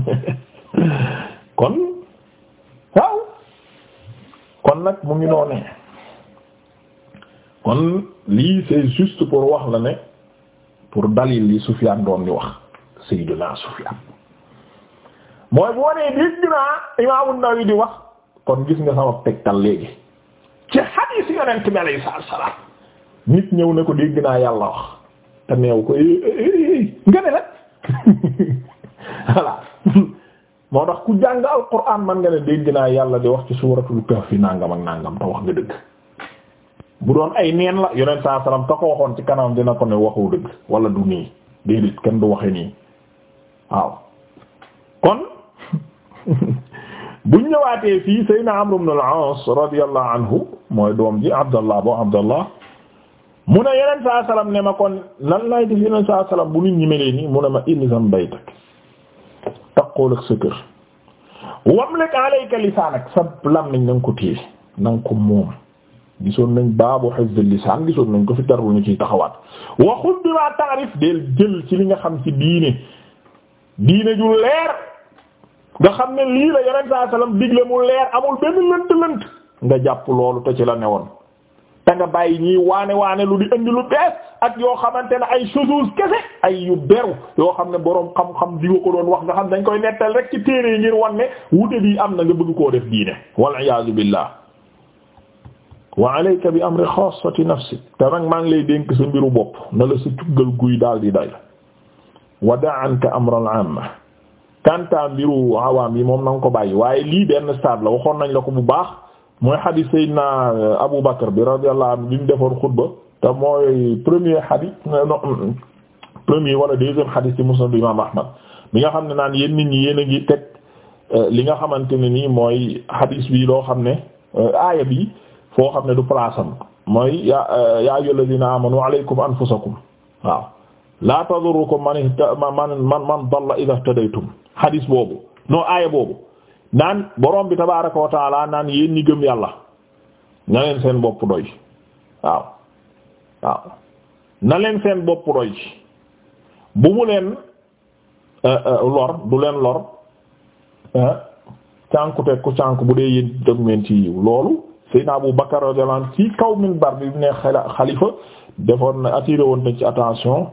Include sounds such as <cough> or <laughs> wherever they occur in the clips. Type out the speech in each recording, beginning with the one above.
<laughs> kon waaw kon nag mu ngi noonu kon lii c'est juste pour wax la ne pour dalil li Sufyaan doon di wax Sayyidina Sufyaan mooy boo nee dégg naa Imaam An-Nawawi di wax kon gis nga sama tegtal léegi ci hadiis Yonent bi alayhi salaam nit ñëw ne ko dégg naa Yàlla wax te neew ko eh, eh, eh, nga ne la <laughs> voilà moo tax ku jàng alquran man nga ne dégg naa yàlla di wax ci suuratul kahfi nangam ak nangam te wax nga dëgg bu doon ay neen la yonent saa salaam ka ko waxoon ci kanam dina ko ne waxu dëgg wala du nii déedéet kenn du waxe nii waaw kon <laughs> buñ ñëwaatee fii Seydina Amr ibn al-Aas radiyallahu anhu mooy doom ji Abdallah bo Abdallah mu ne yonent saa salaam ne ma kon lan laay def yonent saa salaam bu nit ñi melee nii mu ne ma ilzam baytak taqool ak sa kër wamlik alayka lisaanak sa làmmiñ na nga ko téye na nga ko moom gisoon nañ baabu hifz lisaan gisoon nañ ko fi tarul ñu ciy taxawaat wa xud bima ta'rif del jël ci li nga xam ci diine diine ju leer nga xam ne lii la yonent saa sallam digle mu leer amul benn lënt lënt nga jàpp loolu te ci la woon te nga bàyyi ñii waane waane lu di indi lu bees ak yoo xamante ne ay choses kese ay yu beru yoo xam ne boroom xam-xam di ko doon wax nga xam dañ koy nettal rek ci téere yi ngir wan ne wute bi am na nga bëgg koo def diine wal iyaazu billah wa alayka bi amri xaasati nafsik te nag maa ngi lay dénk sa mbiru bopp na la sa cuggal guy daal di day wa da'anka amral amma kanta mbiru awaam yi moom na ko bàyyi waaye lii benn stade la waxoon nañ la ko bu baax mooy xadis Seydina euh, Abu Bakr bi radiyallahu anhu bi mu defoon xutba te mooy premier xadis euh, euh, premier wala deuxième xadis ci musnad imam Ahmad bi nga xam ne naan yéen nit ñi yéen a ngi teg li nga xamante ne nii mooy xadis bi loo xam ne aaya bi foo xam ne du palaasam mooy ya ya ayyuhal ladina amanu alaykum anfusakum waaw la tadurrukum man man man man dalla idha ihtadaytum xadis boobu noo aaya boobu naan borom bi tabaaraka wa taala naan yéen ñi gëm yàlla na leen seen bopp doy waaw waaw na leen seen bopp doy bu mu leen eh, eh, lor du leen lor eh, cànku teg ku cànku bu dee yéen dogmeen ci yiw loolu Seydina Abu Bakar radiyallahu anhu ci kaw minbar bi ne xalifa defoon na attiré woon na ci attention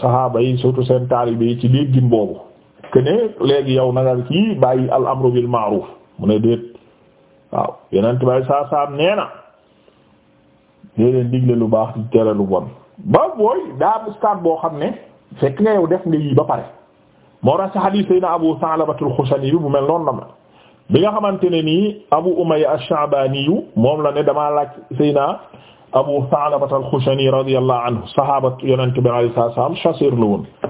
saxaaba yi surtout seen taalibe yi ci léegi boobu que ne léegi yow nagal kii bàyyi al amru bil ma'ruf mu ne déet waaw yeneen tubaab saa saa nee na dee leen lu baax di tere lu bon ba booy daa am boo xam ne fekk nga yow def nga yii ba pare moo tax ci hadith sayna Abu Sa'labatul Xushani bi bu mel noonu la ma bi nga xamante ne nii Abu Umayya ash-Sha'bani moom la ne damaa laaj sayna Abu Sa'labatul Xushani radiyallahu anhu saxaaba yonent bi alayhi salaam chasseur la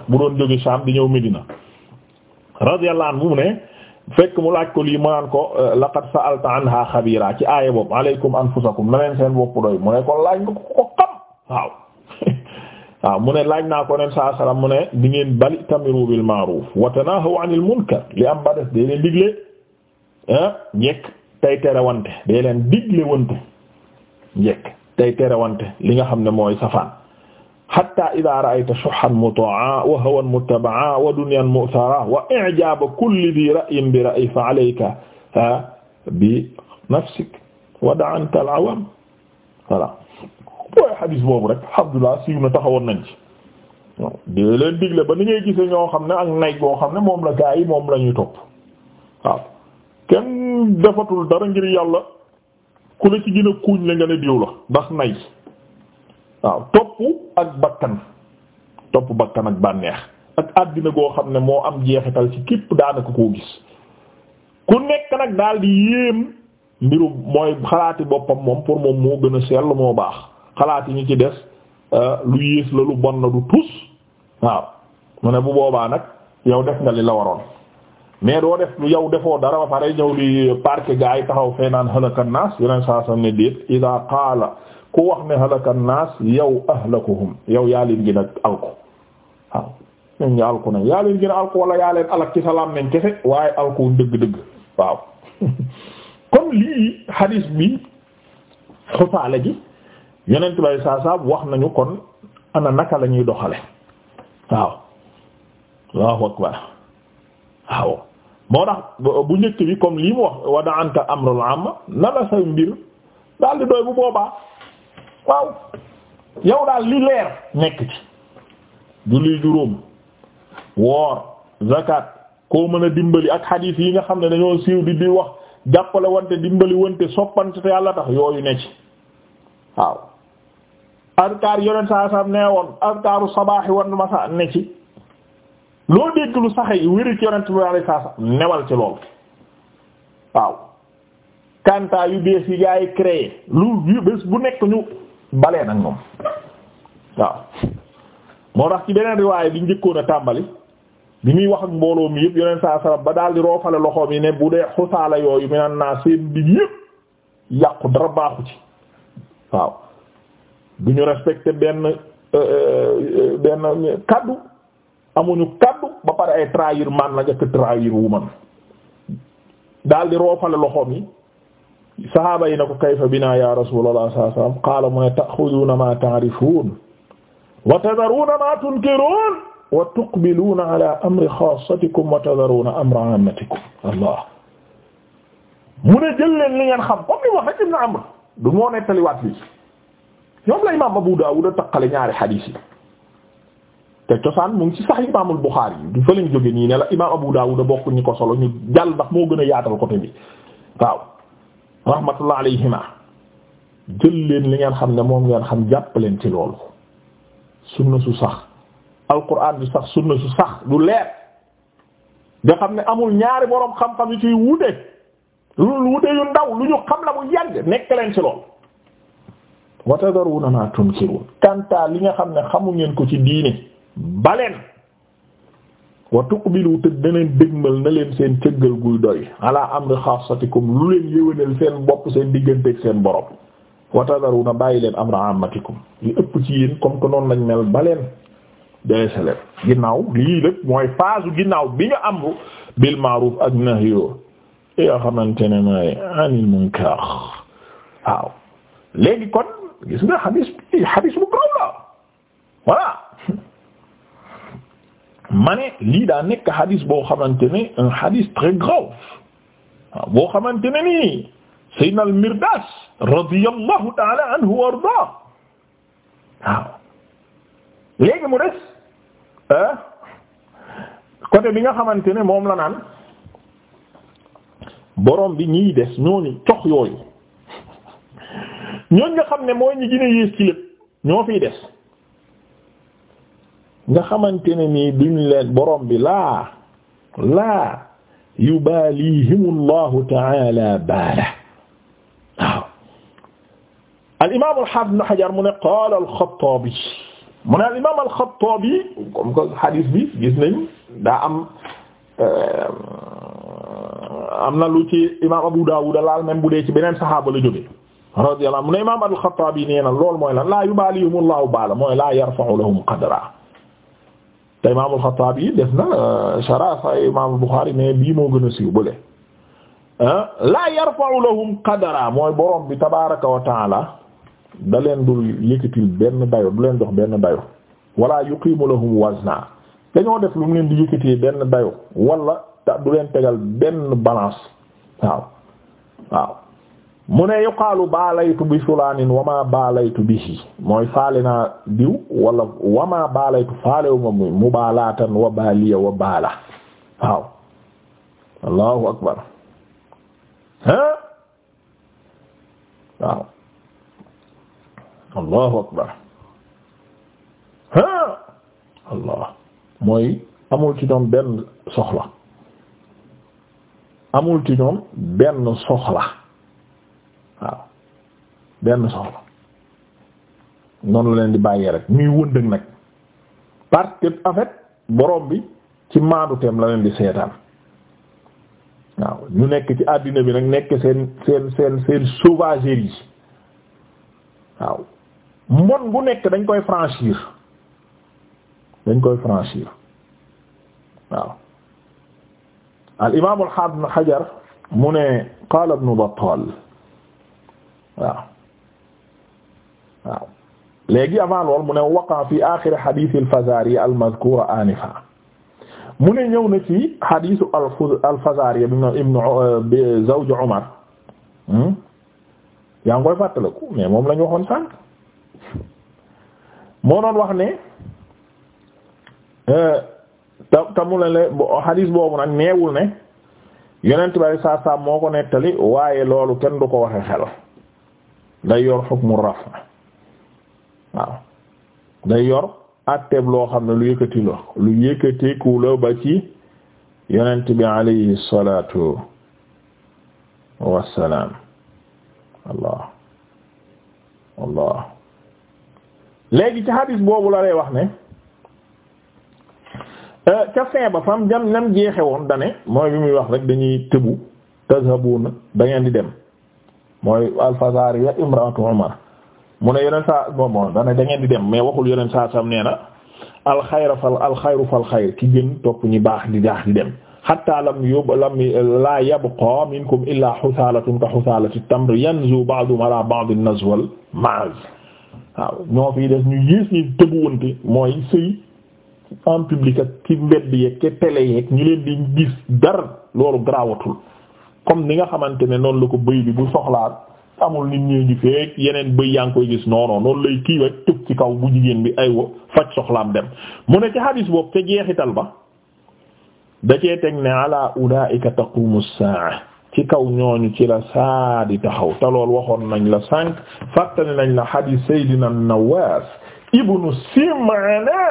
bu doon jóge Sham di ñëw Medina. radiyallahu anhu mu ne fekk mu laaj ko lii mu naan ko euh, laqad sa'alta anha xabiira ci aaya boobu alaykum anfusakum na seen bopp doy mu ne ko laaj nga ko xam waaw <laughs> waaw mu ne laaj naa ko nen saa salaam mu ne di ngeen bali tamiru bil ma'ruf wa tanahaw anil munkar li am ba des dee leen digle njekk tey terewante dee leen digle wante njekk tey terewante li nga xam ne mooy safaan xatta ida raayta soxan mutaa wa hawan muttabaa wa dunyan mu'thara wa i'jaaba kulli di ra'yin bi ra'yi fa alayka bi nafsik wa da'anta al-awaam voilà booy xadis boobu rek alhamdulillah siiw na taxawoon nañ ci waaw dée leen digle ba ni ngay gise ñoo xam ne ak nay goo xam ne moom la gaa yi moom la ñuy topp waaw kenn defatul dara ngir yàlla ku la ci gën a kuuñ la nga ne diw la ndax nay waaw topp ak bakkan topp bakkan ak bànneex ak àddina goo xam ne moo am jeexital ci képp daanaka koo gis ku nekk nag daal di yéem mbiru mooy xalaati boppam moom pour moom moo gën a sell moo baax xalaati ñu ci des euh, lu yées la lu bon na du tus waaw mu ne bu boobaa nag yow def nga li la waroon mais doo def yow defoo dara ba pare ñëw li parke gaa yi taxaw fee naan xalakan naas yeneen saa sam ne déet ida qaala ku wax ne halaka naas yow ahlakuhum yow yaa leen gën a alku waaw ñun ñu alku nañ yaa leen gën a alku wala yaa leen alak ci salaam nañ kese waaye alku dëgg-dëgg waaw <laughs> kon lii hadis bi xusaale gi yeneen tubaab saa wax nañu kon ana naka la doxale waaw allahu akbar waaw moo tax bu njëkk bi comme lii mu wax wada anka amrul amma na la say mbir daal di doy bu boobaa. waaw yow daal li leer nekk ci julli juróom woor zakat koo mën a dimbali ak xadiis yi nga xam ne dañoo siiw di di wax jàppale wante dimbali wante soppante te yàlla tax yooyu ne ci waaw adkaar yonent saa saa loo dégg lu ci yonent bi newal ci lool waaw kanta yu bees yi gaa yi lu bés bu nekk ñu balee nag moom waaw moo tax ci beneen riwaay bi njëkkoon a tàmbali bi muy wax ak mbooloo mi yëpp yeneen saa sara ba daal di roofale loxoom yi ne bu dee xusaala yooyu mi naa seen bi yëpp yàqu dara baaxu ci waaw du ñu respecté benn euh, euh, benn kaddu amuñu kaddu ba pare ay trahir man la njëkk trahir wu man daal di roofale loxoom yi sahaaba yi na ko kayfa bina ya rasulullah sallallahu alayhi mu ne ma ta'rifun wa tadharuna ma tunkirun wa tuqbiluna ala amri khassatikum wa tadharuna amra ammatikum allah mu ne jël leen li ngeen xam comme li wax rek ibn Amr du moo nettaliwaat li ñoom la imam Abu Dawud a taqale ñaari hadith yi te mu ngi ci imam Abu Dawud a ñi ko solo ñu jàll moo gën a yaatal côté bi waaw rahmatullah alayhima jël leen li ngeen xam ne moom ngeen xam jàpp leen ci loolu sunna su sax alquran bi sax sunna su sax du leer nga xam ne amul ñaari boroom xam-xam yu ciy wute lu wute yu ndaw lu ñu xam la mu yàgg nekk leen ci loolu wa tadharuna ma tunkirun kanta li nga xam ne xamu ngeen ko ci diine baleen wa tuqbilu te daneen dégmal na leen seen cëggal guy doy ala amri xaasatikum lu leen yéwénal seen bopp seen digganteeg seen borom wa na bàyyi leen amra amatikum li ëpp ci yéen comme que noonu lañ mel ba leen deese leen ginnaaw lii lépp mooy phase ginnaaw bi nga amru bil ma'ruf ak nahyu i xamante ne mooy anil munkar waaw léegi kon gis nga xadis bi xadis bu garaw la voilà mane lii daa nekk hadis boo xamante ne un hadis très grave boo xamante ne nii Seydina al-Mirdas radiyallahu ta'ala anhu wa ardaa waaw léegi mu des côté bi nga xamante ne moom la naan borom bi ñiy des ñooñu cox yooyu ñooñ nga xam ne mooy ñi gën a ñoo fiy des nga xamante ne nii duñ leen borom bi laa laa yubaalihimu allahu taala baala waaw alimamu alhafid ibn Hajar mu ne qaala alxataabi mu ne alimam alxataabi comme que hadis bi gis nañ daa am euh, am na lu ci imam Abu Dawud laal même bu dee ci beneen saxaaba la jóge radiyallahu mu ne imam alxataabi nee na loolu mooy lan laa yubaalihimu allahu baala mooy laa yarfa'u lahum qadra te imaamul Xattaabi def na euh, shara sa imaamul Buxaari mais bii moo gën a siiw bële euh, laa yarfa'u lahum qadara mooy borom bi tabaaraka wa da leen dul yëkkatil benn dayo du leen dox benn dayo wala yuqimu lahum wazna dañoo def lu mu leen di yëkkatee benn dayo wala du leen tegal benn balance waaw waaw mu ne yuqaalu baalaytu bi fulaanin wamaa baalaytu bihi mooy faale naa diw wala wamaa baalaytu faalewu ma mu mubaalaatan wa baaliya wa baala waaw allahu akbar ah allah mooy amul ci ñoom benn soxla amul ci ñoom benn soxla waaw benn soxla noonu la leen di bàyyee rek ñuy wëndëg nag parce que en borom bi ci maadu teem la leen di seetaan waaw ñu nekk ci àddina bi nag nekk seen seen seen seen sauvagerie yi waaw mbon bu nekk dañ koy franchir dañ koy franchir waaw al imaam al haafid Hajar mu ne qaala Ibn Battal waaw waaw léegi avant lool mu ne waqa fi aaxiri xadiisi al-Fazaari al-mazkuura aanifa mu ne ñëw na ci xadiisu al-Fazaari bi ibnu euh, zawj Umar hmm? yaa ngi fàttaliku mais moom lañu waxoon sànq moo doon wax ne euh, te te mu ne la xadiis boobu nag neewul ne yonent bi saa saa moo ko nettali waaye loolu kenn du ko waxe xel. day yor hukmu raf waaw day yor atteeb loo xam ne lu yëkkati la lu yëkkati ku la ba ci yonent bi alayhi salaatu wassalaam allah allah léegi ci hadis boobu la lay wax ne euh, ca fin ba fam jam nam jeexe woon dane mooy bi muy wax rek dañuy tëbu tazhabuna da ngeen di dem mooy alfazariya imraatu umar mu ne yeneen saa bon bon da ngeen di dem mais waxul yeneen saa sam nee na alxayra fal alxayru fal ki gën topp ñi baax di baax di dem hatta lam yub la yabqa minkum illa xusalatun ka xusalati tamr yanzu ba'du ala ba'din nazwal maaz waaw ñoo fi des ñu yées ñi tëbuwante mooy sëy en public ak ci mbedd yeeg ci télé yeeg leen di gis dara loolu garawatul comme li nga xamante ne noonu la ko bëy bi bu soxlaa amul nit ñi ngi feek yeneen bëy yaa ngi koy gis non non noonu lay kii wa ci kaw bu jigéen bi ay wo faj soxlaam dem mu ne ci hadis boobu ca jeexital ba da cee teg ne ala ulaika taqumu saa ci kaw ñooñu ci la saa di taxaw te lool waxoon nañ la sànq fàttali nañ la hadis Seydina Nawaas ibnu Sim'ana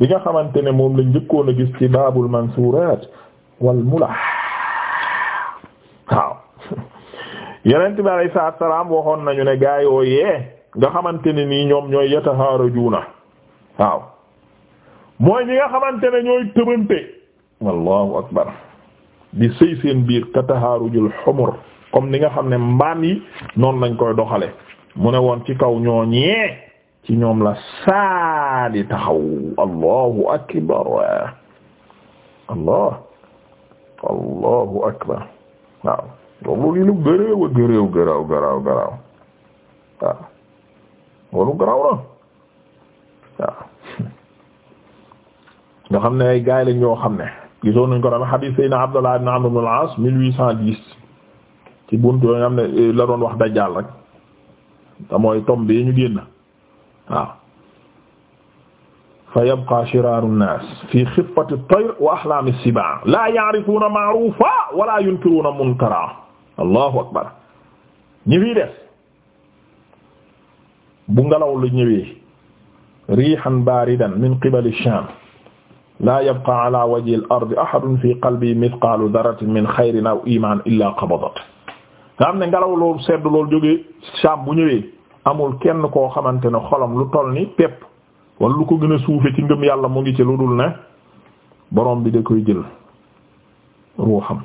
bi nga xamante ne moom lañ njëkkoon a gis ci baabul mansuuraat wal mulah yonent bi alayhi salaatu salaam waxoon nañu ne gaa yooyee nga xamante ne nii ñoom ñooy yatahaarajuuna waaw mooy ñi nga xamante ne ñooy tëbante wallahu akbar di sëy seen biir katahaarujul xumur comme ni nga xam ne mbaan yi noonu lañ koy doxale mu ne woon ci kaw ñooñee ci ñoom la saadi taxaw allahu akbar waaw loolu lu gërëw a gërëw gëraaw garaaw garaaw waaw loolu garaaw la waaw nga xam ne ay gaay lañ ñoo xam ne gisoon nañ ko dama hadith sayna Abdullah ibn Amr ibn al-As mille huit cent dix ci buntu yoo xam ne eh, la doon wax dajjaal rek te mooy tom bi ñu génn waaw fa yabqa shiraaru nnaas fi xiffati at-tayr wa ahlaami as-sibaa laa ya'rifuuna ma'ruufa wa laa yunkiruuna munkaran allahu akbar ñi fii des bu ngelaw lu ñëwee rihan baridan min qibali sham la yabqa ala wajhi al ardi ahadun fi qalbi min xayrin aw iman illa qabadat nga xam ne ngelaw loolu sedd loolu jógee sham bu ñëwee amul kenn koo xamante ne xolam lu toll ni pepp wala lu ko gën a suufe ci ngëm yàlla mu ngi ci lu dul ne borom bi da koy jël ruuxam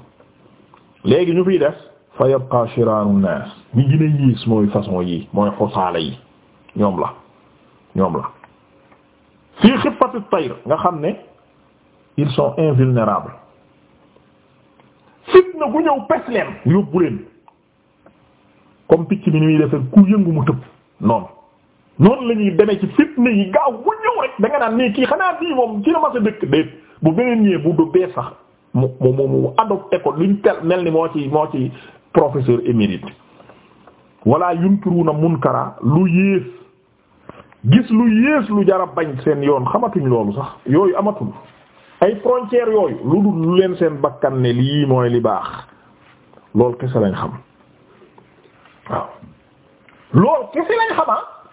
léegi ñu fiy des fa yabqa shiraaru naas ñi gën a yiis mooy façon yi mooy xosaale yi ñoom la ñoom la fii xiffati tayr nga xam ne ils sont invulnérables fitna gu ñëw pes leen yóbbu leen comme picc ni muy defee ku yëngu mu tëb noonu noonu la ñuy demee ci fitna yi gaaw bu ñëw rek da naan nii kii xanaa bii ci na ma sa dëkk déet bu beneen ñëwee bu du bee sax mu mu mu adopté ko luñ tel mel ni moo ci moo ci professeur émérite wala yunkiruna munkara lu yées gis lu yées lu jara bañ seen yoon xamatuñ loolu sax yooyu amatul ay frontières yooyu lu dul lu leen seen bakkan ne lii mooy li baax loolu kese lañ xam waaw loolu kese lañ xamaa ah.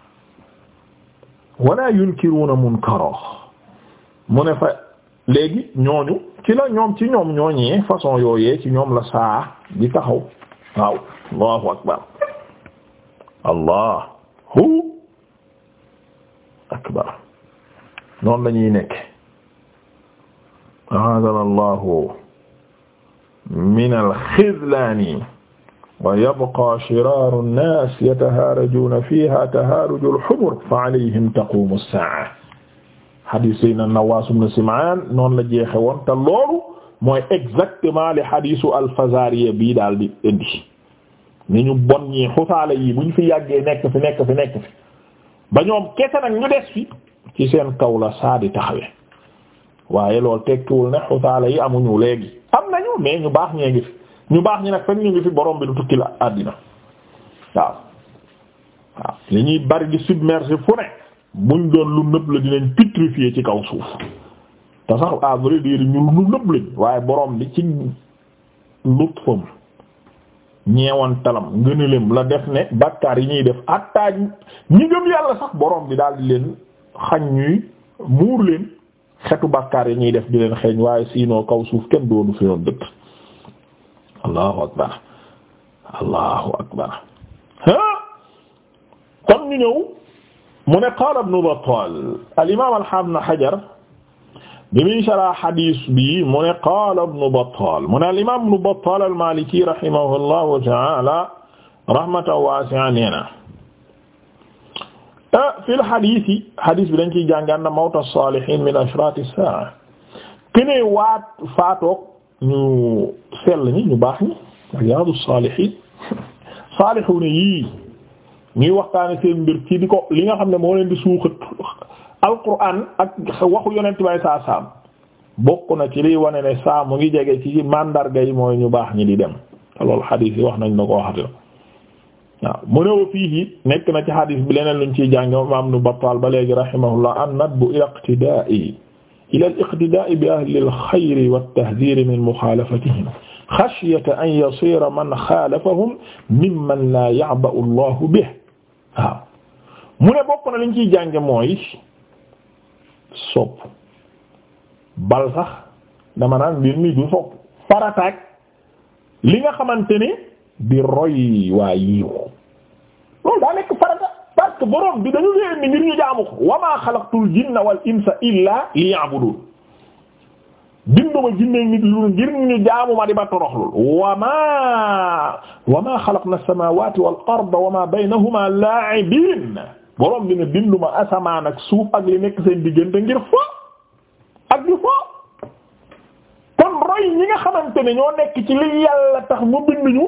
wala yunkiruna munkara mu ne fa léegi ñooñu ci la ñoom ci ñoom ñooñee façon yooyee ci ñoom la saa di taxaw waaw allahu akbar allahu akbar noonu lañuy nekk ahadana allahu min alxizlaani wa yabqa shiraaru nnaas yatahaarajuuna fiihaa tahaarujal humur fa alayhim taquumu saa'a hadiis Seydina Nawaas ibn Simaan noonu la jeexe woon te loolu mooy exactement li xadiisu al-Fazariya bii daal di indi ni ñu bon ñi xusaale yi bu ñu fi yàggee nekk fi nekk fi nekk fi ba ñoom kese nag ñu des fi ci seen kaw la saa di taxawee waaye loolu tekkiwul ne xusaale yi amuñu léegi am nañu mais ñu baax ñee ngi fi ñu baax ñi nag fekk ñu ngi fi borom bi du tukki la àddina waaw waaw li ñuy bari di submerger fu ne buñ doon lu nëb la dinañ pétrifier ci kaw suuf te sax à vrai dire ñun lu nëbb lañ waaye boroom bi ci lutfam ñeewantalam ngënëleem la def ne bàkkaar yi ñuy def attaaj ñi gëm yàlla sax borom bi daal di leen xañ ñuy muur leen xetu bakkaar yi ñuy def di leen xeeñ waaye siinoo kaw suuf kenn doonu fi noonu dëkk allahu akbar allahu akbar kon ñu ñëw mu ne qaala ibnu Battaal al imaam al-Haafiz Ibn bi muy sharah hadis bi mu ne qaala ibnu Battaal mu ne al-imaam ibnu Battaal al-Maaliki rahimahullahu ta'aala rahmatan waasi'atan nee na ah, fil hadis yi hadis bi dañ ciy jàngaan na mawtu saalihiin min ashraati saa'a keneen waat faatoog ñu sell ñi ñu baax ñi riyaadu saalihiin saalihuun yii ñuy waxtaane seen mbir ci di ko li nga xam ne moo leen di alquran ak waxu yonent bay saa saam bokk na ci liy wane ne saa mu ngi jege ci mandarga yi mooy ñu baax ñi di dem te loolu xadiis yi wax nañ na ko waxati waaw mu ne fii nekk na ci xadiis bi leneen luñ ciy jànge imam nu Battaal ba léegi rahimahullah an nadbu ila iqtidaa'i ila al-iqtidaa'i bi ahli al-xayri wat-tahziiri min muxaalafatihim xashyata an yasiira man xaalafahum mimman laa ya'ba'u Allahu bihi waaw mu ne bokk na liñ ciy jànge mooy sopp bal sax dama naan mbir mi li nga xamante ni di roy waa yiw loolu daa nekk farata parce que borom bi dañu leen jaamu ko wa maa xalaqtul jinna wal insa illaa liya'budun binduma jinne nit lu jaamu ma di ma toroxlul wa maa wa maa xalaqna as-samaawaati wal wa maa baynahuma laa'ibiin borom bi ne binduma asamaan ak suuf ak li nekk seen diggante ngir fo ak di fo kon roy ñi nga xamante ne ñoo nekk ci li yàlla tax mu binduñu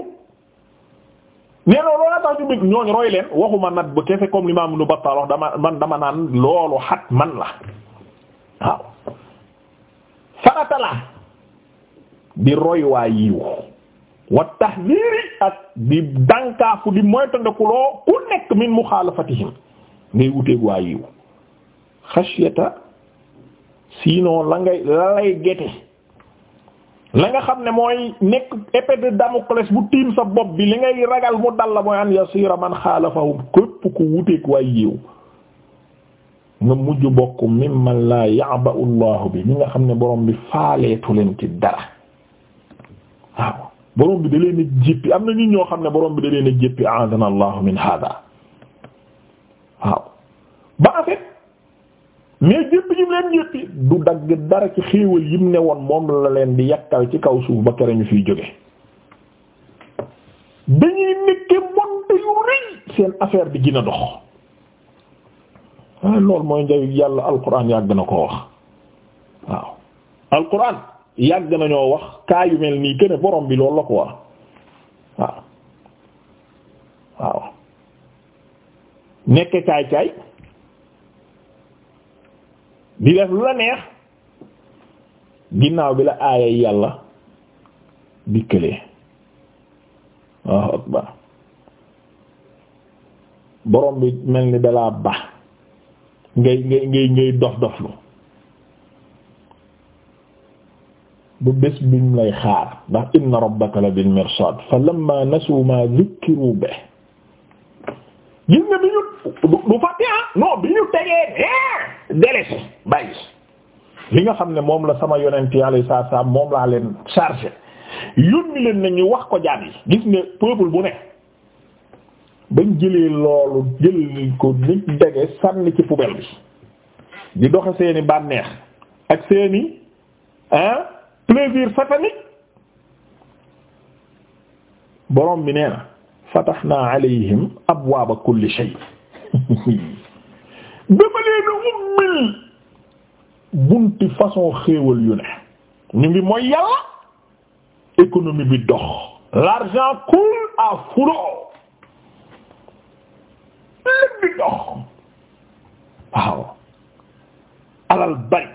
nee na loolaa tax waxuma nat bu kese comme l'imam Ibn man dama naan loolu xat man la waaw farata la di roy waa yiw wa tahdiiri ak di dànkaafu di moytandikuloo ku nekk min muxaalafatihim ngay wuteeg waa yiw xasiyata sinon la ngay la gete la nga xam ne mooy nekk épée de Damoclès bu tiim sa bopp bi li ngay ragal mu dal la mooy an yasira man xaalafahum képp ku wuteeg waa yiw nga mujj bokk mimman laa ya'ba'u Allahu bi mu nga xam ne borom bi faaleetu leen ci dara waaw borom bi da leen a am na nit ñoo xam ne borom bi da leen a jéppi aadana min hada waaw ba en fait mais jéppi ñim leen jéppi du dagg dara ci xéewal yim ne woon moom la leen di yakkal ci kaw suuf ba kere ñu fiy jóge dañuy nekke monte yu rëy seen affaire bi gën a dox waaye loolu mooy njaw yàlla alquran yàgg na koo wax waaw alquran yàgg nañoo wax kaa yu mel nii kenn borom bi loolu la ko war waaw waaw nekk caay caay di def lu la neex ginnaaw bi la aaya yàlla dikkalee waaw borom bi mel ni dalaa ba ngay ngay ngay dof doflu bu bés bi mu lay xaar ndax inna rabbaka la bil mirsad fa lamma nasu zukkiru bihi gis nga bi ñu du fàtte ah non bi ñu tegee ne délaissé bàyyi li nga xam ne moom la sama yonent yàlla yi saa moom laa leen chargé yónni leen ne ñu wax ko jaam yi gis nga peuple bu ne bañ jëlee loolu jël ko nit dege sànni ci poubelle bi di doxe seeni bànneex ak seeni ah plaisir satanique borom bi nee na fatahnaa alayhim abwaaba kulli shay dama leen ummil bunti façon xéewal yu ne ñu ngi mooy yàlla économie bi dox l'argent coule à flot lépp alal bari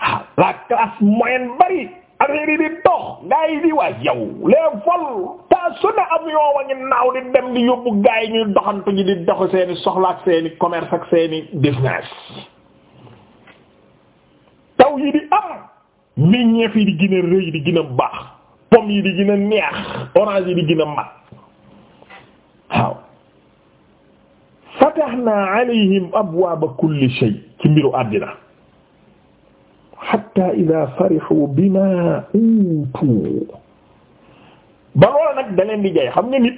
waaw la classe moyenne bari affaire yi di dox gaa di waay yow les vols ta su ne avion wa ngi naaw di dem di yóbbu gaa yi ñuy doxantu ji di dox seeni soxla ak seeni commerce ak seeni business taw yi di am meññeef yi di gën a rëy di gën a baax pomme yi di gën a neex orange yi di gën a mat waaw fatahna alayhim abwaaba kulli ci mbiru àddina xatta ida farixu bima uutu ba loolu nag da leen di jay xam nga nit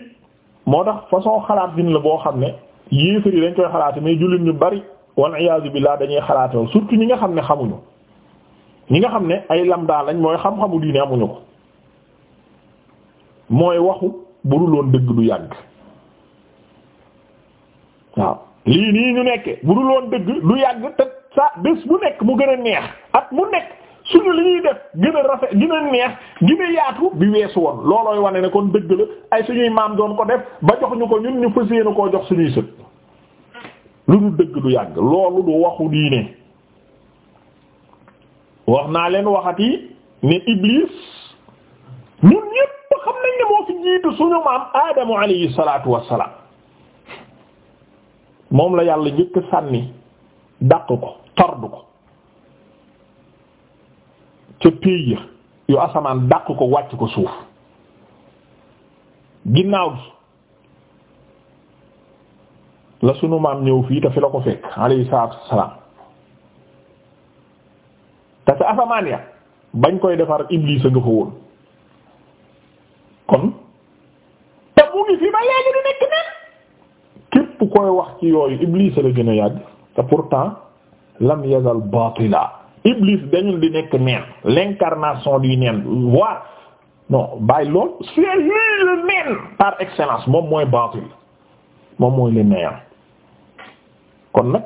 moo tax façon xalaat din la boo xam ne yéefar yi dañ koy xalaate mais jullit ñu bari wal iyaazu billaah dañuy xalaate woon surtout ñi nga xam ne xamuñu ñi nga xam ne ay lamda lañ mooy xam-xamu diine amuñu ko mooy waxu bu dul woon dëgg du yàgg waaw lii nii ñu nekke bu dul woon dëgg du yàgg te sa bés bu nekk mu gën a neex at mu nekk suñu li ñuy def gën a rafet gën a neex gën a yaatu bi weesu woon loolooy wane ne kon dëgg la ay suñuy maam doon ko def ba jox ñu ko ñun ñu fas yéene koo jox suñuy sët lu du dëgg du yàgg loolu du waxu diine wax naa leen waxati ne Iblis ñun ñépp xam nañ ne moo fi jiitu suñu maam Adamu alayhi wassalaam moom la yàlla njëkk sànni dàq ko tardu ko. ca péey ya yu asamaan dàq ko wàcc ko suuf ginnaaw gi la sunu maam ñëw fii te fi la ko fekk alayhi salaatu wassalaam te asamaan ya bañ koy defar Iblis a nga fa woon kon te ngi fi ba léegi du nekk nen képp koy wax ci yooyu Iblis la gën a yàgg te pourtant lam yazal baatila Iblis dañul di nekk neen l'incarnation du neen waa non bàyyi lool c'est lui le par excellence moom mooy baatil moom mooy le néant kon nag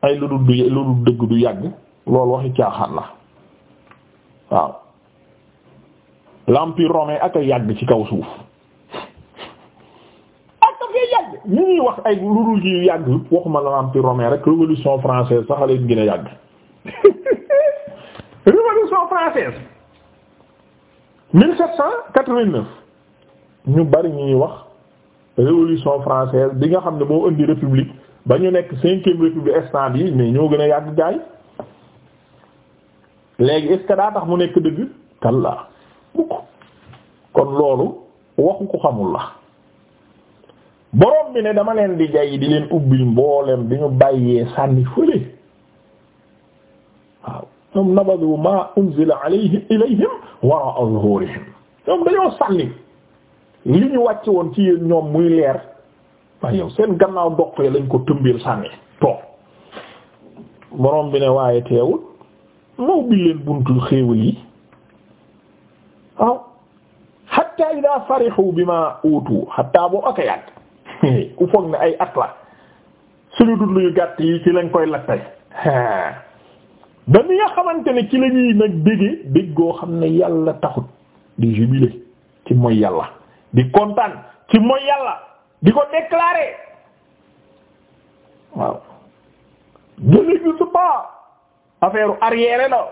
ay lu dul du lu dul dëgg du yàgg loolu waxi caaxaan la waaw l'empire romain ak a yàgg ci kaw suuf ak a fee yàgg ñu ñuy wax ay lu dul ci yàgg waxuma la l'empire romain rek révolution française sax a leen gën a yàgg <laughs> Constitution française 1789 ñu bari ñuy wax révolution française bi nga xam ne boo indi république ba ñu nekk cinquième république instant bi mais ñoo gën a yàgg gaay léegi est-ce que daa tax mu nekk dëgg kallaa mukk kon loolu waxu ko xamul la borom bi ne dama leen di jay di leen ubbil mboolem bi ñu bàyyee sànni fële waaw ñoom nabadu ma unzila alayhi ilayhim wara'a zuhurihim ñoom dañoo sànni li ñu wàcc woon ci yéen ñoom muy leer waaye yow seen gannaaw doq lañ ko tëmbil sànni toog borom bi ne waaye teewul moo bi leen buntu xéewal yi waaw hatta ida farihu bima utu hatta boo aka yàgg foog ne ay at suñu dund yu gàtt yi ci lañ koy lattay ba ni ne ci la ñuy nag déggee déggoo xam ne yàlla taxut di jubilé ci mooy yàlla di kontaan ci mooy yàlla di ko déclarer waaw ne n'existe pas affaire arrière la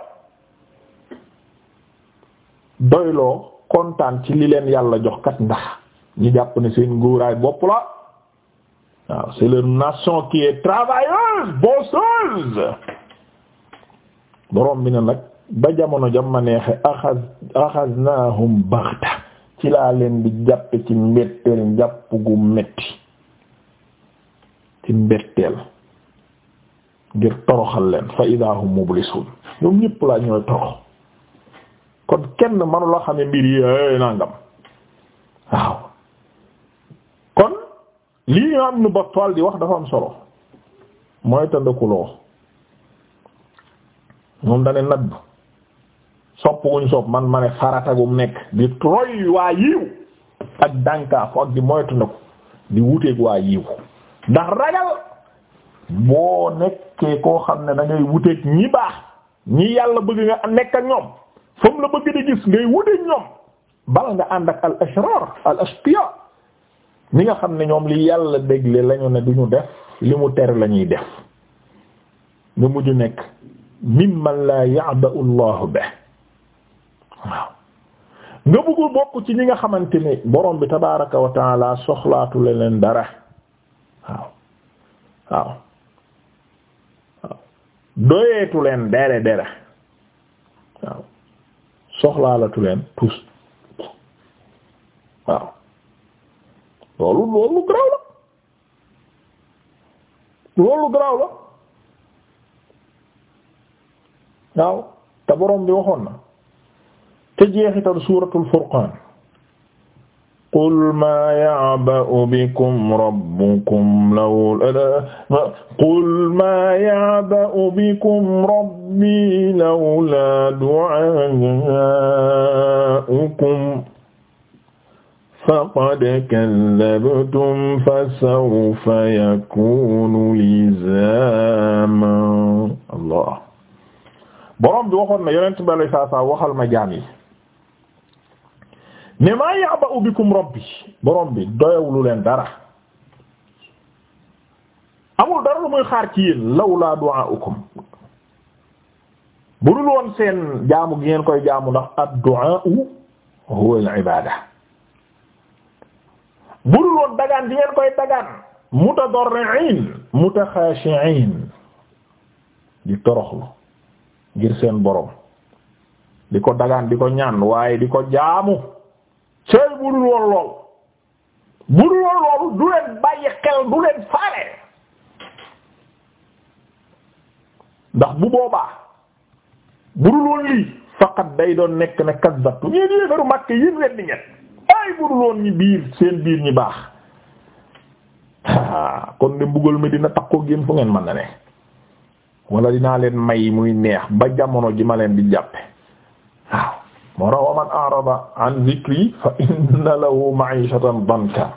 doyloo kontaan ci li leen yàlla jox kat ndax ñu jàpp ne seen nguuraay bopp la waaw c'est leur nation qui est travailleuse bosseuse boroom bi na nag ba jamono jam ma neexe axaz axaznahum baxta ci laa leen di jàppe ci mbetteel njàpp gu metti ci mbetteel ngir toroxal leen fa idahum mublisun ñoom ñëpp laa ñooy torox kon kenn manula xame mbir yi eh, nangam waaw kon lii ñoo am nu Battal di wax dafa am solo mooy tandakuloo moom dane nadd sopp guñ sopp man ma ne farata gum nekk di troy waa yiw ak dànkaaf ak di moytu na ko di wuteeg waa yiw ndax ragal boo nekkee koo xam ne da ngay wuteeg ñi baax ñi yàlla bëgg nga nekk ak ñoom fam la bëgg di gis ngay wuteeg ñoom bala nga ànd ak al ashrar al ashqiya ñi nga xam ne ñoom li yàlla dégle lañu ne duñu def li mu tere la ñuy def nga mujj nekk mimman laa ya'ba'u Allahu bih waaw nga bëggul bokk ci ñi nga xamante ne borom bi tabaaraka wa ta'aala soxlaatu leen dara waaw waaw doyeetu leen dere dere waaw soxlaalatu leen tus waaw loolu loolu garaaw loolu garaaw waaw te borom bi waxoon na te jeexital suuratul furqaan qul maa ya'ba'u bikum rabbukum lawlaa qul maa ya'ba'u bikum rabbii lawlaa du'aa'ukum faqad kazzabtum fasawfa yakuunu lizaaman Allah borom bi waxoon na yonent bi alayhi waxal ma jaam yi ne maa ya'ba'u bikum rabbi borom bi doyawlu leen dara amul dara lu muy xaar ci yéen lawlaa du'aa'ukum bu dul woon seen jaamu gi ngeen koy jaamu ndax ad-du'aa'u huwa al-ibaada bu dul woon dagaan di ngeen koy dagaan mutadarri'in mutaxaashi'in di toroxlu ngir seen boroom di ko dagaan di ko ñaan waaye di ko jaamu sey budul woon lool budul woon loolu du leen bàyyi xel du leen faale ndax bu boobaa budul woon lii faqat day doon nekk ne kasbatu ñeen yéefaru Makka yéen weddi ngeen ay budul woon ñi biir seen biir ñi baax <laughs> kon ne mbugal mi dina takkoo génn fu ngeen mën na wala dinaa leen may muy neex ba jamono ji ma leen di jàppe waaw moo tax wa an zikri fa inna lahu ma'ishatan danka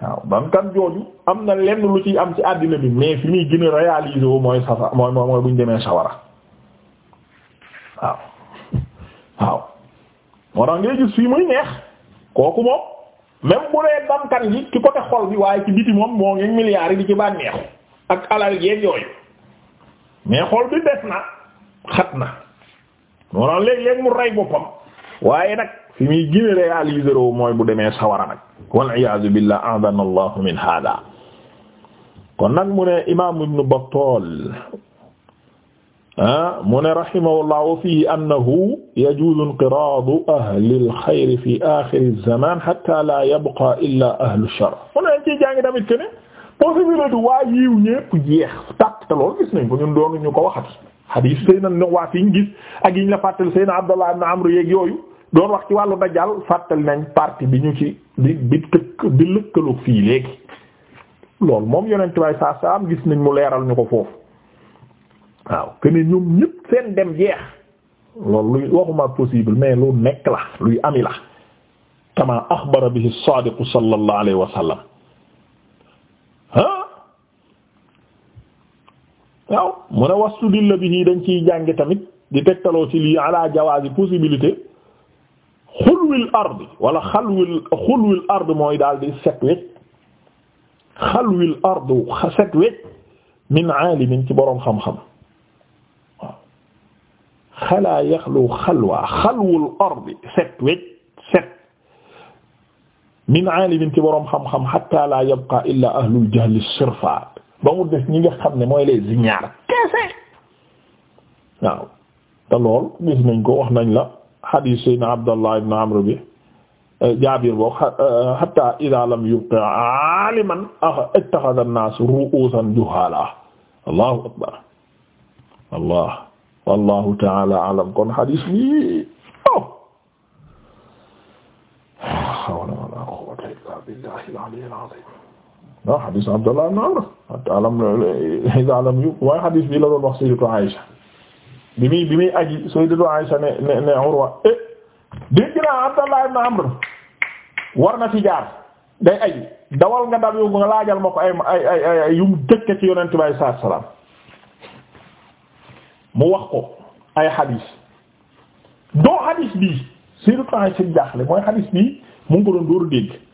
waaw dankan am na lenn lu am ci àddina bi mais fi muy gën a mooy safa mooy mooy buñ demee sawara waaw waaw moo tax ngay gis fii muy neex kooku moom même bu dee dankan gi ci côté xol bi waaye ci biti moom moo ngi milliards di ci bànneexu ak alal jeeg yooyu mais xol bi des na xat na moo tax léeg-léeg mu rey boppam waaye nag fi muy gën a réaliser mooy bu demee sawara nag wal iyaazu billah adana allahu min hada kon nag mu ne imam ibnu Battal ah mu ne rahimahullah wa fihi annahu yajuuzu inqiraadu ahli alxayri fi axiri zaman hatta la yabqa illa ahlu shar mu ne ci jàngi tamit ke ne possibilité waa yiw ñépp jeex tàpp te loolu gis nañ ko ñun doonu ñu ko waxati xadiis Seydina Nuwaas yi ñu gis ak yiñ la fàttali Seydina Abdallah ibn Amr yeeg yooyu doon wax ci wàllu dajal fàttali nañ partie bi ñu ci bi bi tëkk bi lëkkaloo fii léegi loolu moom yonent bay saa saa am gis nañ mu leeral ñu ko foofu waaw que ñoom ñépp seen dem jeex loolu luy waxuma possible mais lu nekk la luy ami la kama axbara bihi as-Saadiq sallallahu alayhi ah waaw mu ne wastudilla bihi dañ ciy jànge tamit di tegtaloo ci lii ala jawaazi possibilité xulwil ard wala xalwil xulwil mooy daal di set wecc xalwil ard set wecc min aalimin ci boroom xam-xam waaw xalaa yaxlu xalwaa xalwul set wecc min alimin ci boroom xam-xam hatta la yabqa illa ahlul jahli sirfa ba mu des ñi nga xam ne mooy les ignares kese waaw te lool gis nañ ko wax nañ la hadith sayyidina Abdallah ibn Amr bi eh, Jaabir boo eh, hatta idha lam yubqa aliman ittakhadha an-nas ru'usan juhala allahu akbar allah wallahu ta'ala a'lam kon hadith bi al-aliyyil azim waaw xadis Abdallah ibn Amr hatta lam waaye xadis bi la doon wax sayyidatu Aïsha bi muy bi muy aji sayyidatu Aïsha ne ne ne Urwa eh, war na fi jaar day aji dawal nga dab yu nga laajal ma ko ay ay ay ay yu mu dëkk ci Yonent bi sallallahu alayhi wasallam mu wax ko ay xadis doo xadis bi sayyidatu Aïsha jaaxle mooy xadis bi mu ngi ko doon dóor dégg.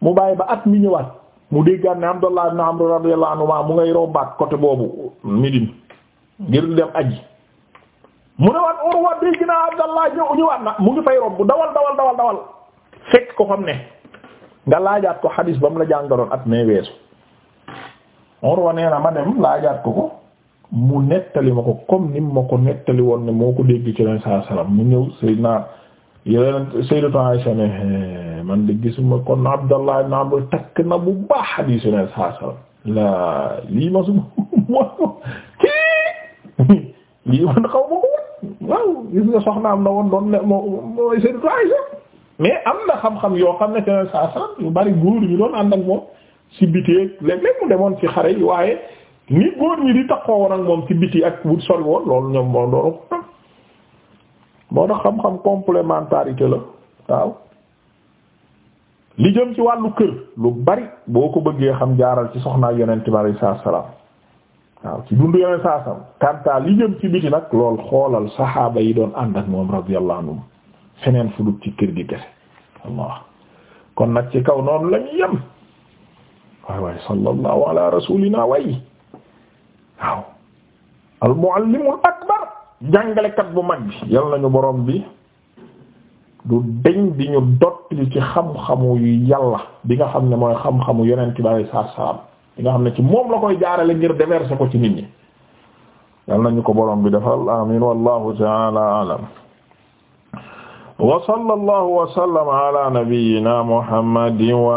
mu bàyyi ba at mi ñëwaat mu déggaat ne Abdullah ibn Amr radiyallahu anhu mu ngay rombaat côté boobu Médine ngir dem aji mu ne waat dégg naa Abdallah na mu ngi fay romb dawal dawal dawal dawal fekk ko xam ne nga laajaat ko xadiis ba mu la jàngaloon at mee weesu Urwa nee ma dem laajaat ko ko mu nettali ma ko comme ni ma ko nettali woon ne moo ko dégg ci saa salaam mu ñëw Seydina yeneen Sayyidatu Aisha ne man de gisuma kon Abdallah ibn Amr takk na bu baax xadiis yu ne saa saa laa lii ma suma moom <laughs> kii lii man xaw ma ko waaw gis nga soxnaam na woon doon ne mooy seen Aysa am na xam yoo xam ne seen bari góor ñu doon ànd moom si biti léeg-léeg mu demoon ci xare yi waaye ni góor ñi di takkoo woon ak moom ci biti ak bu sori woon loolu ñoom moo doon moo tax xam-xam complémentarité la waaw li jëm ci wàllu kër lu bari boo ko bëggee xam jaaral ci soxnaa yonent bi alay salaam waaw ci dundu yonent saa salaam kantaa li jëm ci biti nag lool xoolal saxaaba yi doon ànd ak moom radiyallahu anhum feneen fu ci kër gi kese kon nag ci kaw noonu lañu yem waay waay sallallahu ala rasulina way waaw al akbar jàngalekat bu mag bi yal nañu borom bi du deñ di ñu dotti ci xam-xamu yàlla bi nga xam ne mooy xam-xamu yonent bi salaam bi nga ne ci moom la koy jaarale ngir déverser ko ci nit ñi yal nañu ko borom bi defal amin wallahu ta'ala a'lam wa sallallahu wa sallama ala nabiyyina muhammadin wa